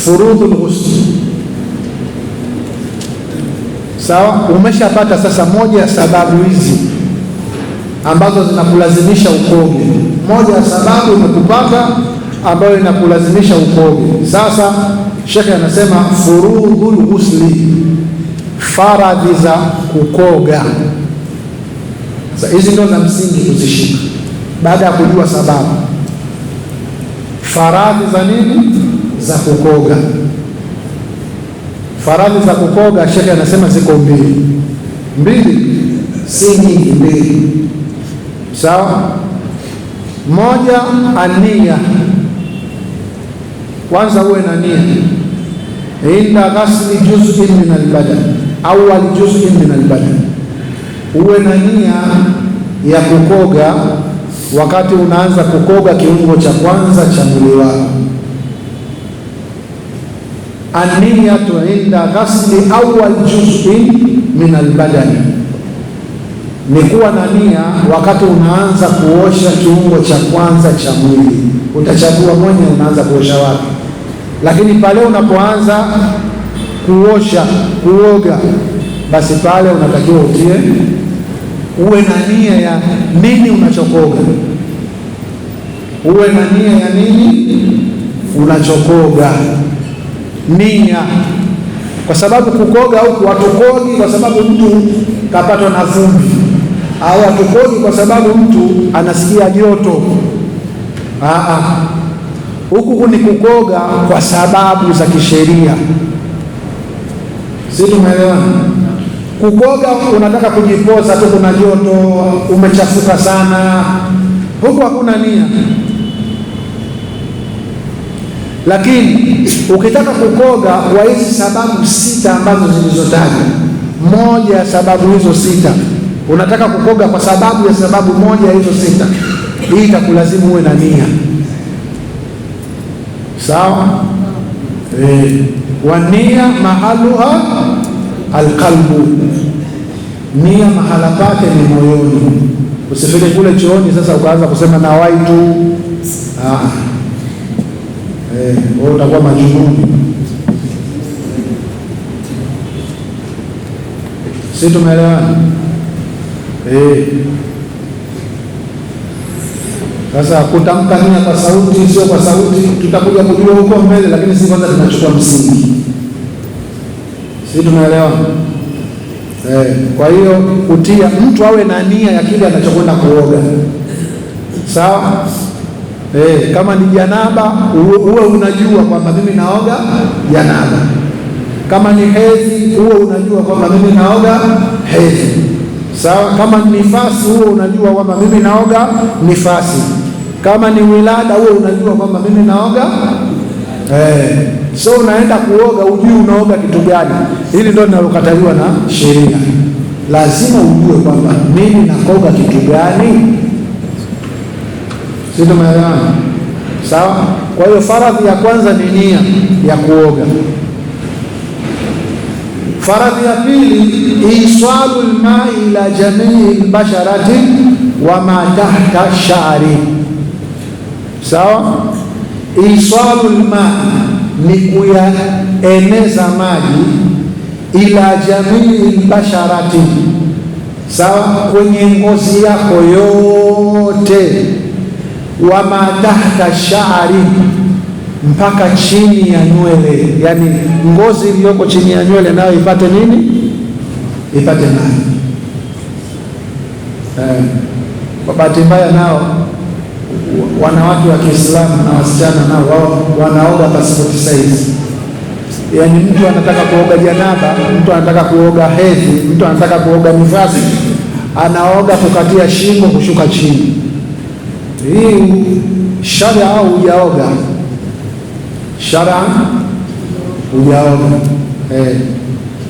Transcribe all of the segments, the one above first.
furudhu lghusl. Sawa, umeshapata sasa moja ya sababu hizi ambazo zinakulazimisha ukoge. Moja ya sababu imekupata ambayo inakulazimisha ukoge. Sasa shekhe anasema furudhu lghusli, faradhi za kukoga. Sasa hizi ndio za msingi kuzishika baada ya kujua sababu. Faradhi za nini? za kukoga. Faradhi za kukoga, shekhe anasema ziko mbili, mbili si nyingi, mbili sawa. Moja, ania, kwanza uwe na nia inda ghasli juz'in min albadan, awal juz'in min albadan, uwe na nia ya kukoga wakati unaanza kukoga kiungo cha kwanza cha mwili wako aniyatu inda ghasli awal juz'in min albadani, ni kuwa na nia wakati unaanza kuosha kiungo cha kwanza cha mwili. Utachagua mwenye unaanza kuosha wapi, lakini pale unapoanza kuosha kuoga, basi pale unatakiwa utie, uwe na nia ya nini unachokoga, uwe na nia ya nini unachokoga nia, kwa sababu kukoga huku hatukogi kwa sababu mtu kapatwa na vumbi, au hatukogi kwa sababu mtu anasikia joto. Huku ni kukoga kwa sababu za kisheria, si tumeelewa? Kukoga unataka kujipoza tu, kuna joto, umechafuka sana, huku hakuna nia. Lakini ukitaka kukoga kwa hizi sababu sita ambazo zilizotajwa, moja ya sababu hizo sita, unataka kukoga kwa sababu ya sababu moja ya hizo sita, hii itakulazimu uwe na nia sawa. E, wania mahaluha alqalbu, nia mahala pake ni moyoni. Usifike kule chooni sasa ukaanza kusema nawaitu ah. Eh, wewe utakuwa majununi. Si tumeelewana? Eh. Sasa kutamka nia kwa sauti, sio kwa sauti, tutakuja kujua huko mbele, lakini si kwanza tunachukua msingi. Si tunaelewana? Eh, kwa hiyo kutia mtu awe na nia ya kile anachokwenda kuoga, sawa? Eh, kama ni janaba uwe unajua kwamba mimi naoga janaba. Kama ni hedhi uwe unajua kwamba mimi naoga hedhi. Sawa, kama ni nifasi uwe unajua kwamba mimi naoga nifasi. Kama ni wilada uwe unajua kwamba mimi naoga eh. So unaenda kuoga ujui unaoga kitu gani? Hili ndio linalokataliwa na sheria. Lazima ujue kwamba mimi nakoga kitu gani. Sisi tumeelewana sawa? Kwa hiyo faradhi ya kwanza ni nia ya kuoga. Faradhi ya pili isalu lmai ila jamii lbasharati wa ma tahta shari, sawa. Isalu lmai ni kuyaeneza maji, ila jamii lbasharati, sawa, kwenye ngozi yako yote wa ma tahta sha'ri, mpaka chini ya nywele, yani ngozi iliyoko chini ya nywele nayo ipate nini? Ipate maji. Eh, kwa bahati mbaya nao wanawake wa Kiislamu na wasichana nao wao wanaoga pasipoti saizi. Yaani mtu anataka kuoga janaba, mtu anataka kuoga hedhi, mtu anataka kuoga nifasi, anaoga kukatia shingo kushuka chini hii shara hujaoga, shara ujaoga eh,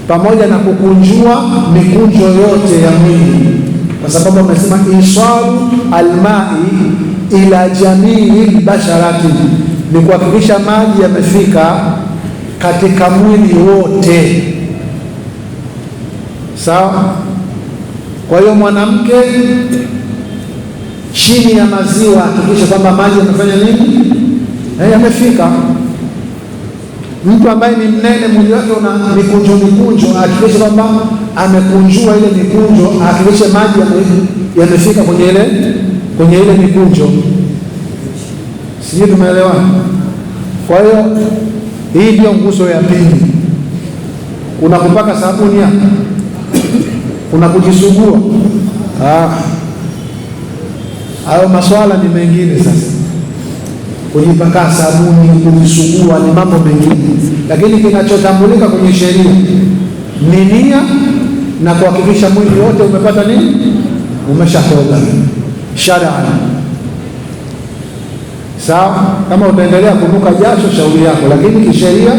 pamoja na kukunjua mikunjo yote ya mwili, kwa sababu amesema isaru almai ila jamii basharati, ni kuhakikisha maji yamefika katika mwili wote, sawa. Kwa hiyo mwanamke chini ya maziwa, hakikisha kwamba maji yamefanya nini, eh, yamefika. Mtu ambaye ni mnene, mwili wake una mikunjo mikunjo, hakikisha kwamba amekunjua ile mikunjo, hakikisha maji yamefika kwenye ile kwenye ile mikunjo. Sijui tumeelewa Kwa hiyo hii ndiyo nguzo ya pili. Kuna kupaka sabuni hapa, kuna kujisugua ah. Hayo maswala ni mengine sasa, kujipaka sabuni, kujisugua ni mambo mengine, lakini kinachotambulika kwenye sheria ni nia na kuhakikisha mwili wote umepata nini, umeshatoga shar'an. Sawa, kama utaendelea kunuka jasho shauri yako, lakini kisheria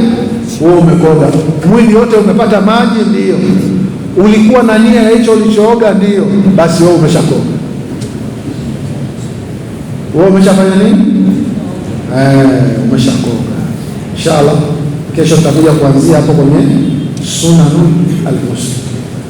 wewe umekoga. Mwili wote umepata maji, ndiyo. Ulikuwa na nia ya hicho ulichooga, ndiyo. Basi wewe umeshakoga wewe umeshafanya nini? Eh, umeshakoga. Inshallah kesho tutakuja kuanzia hapo kwenye sunanul al-muslim.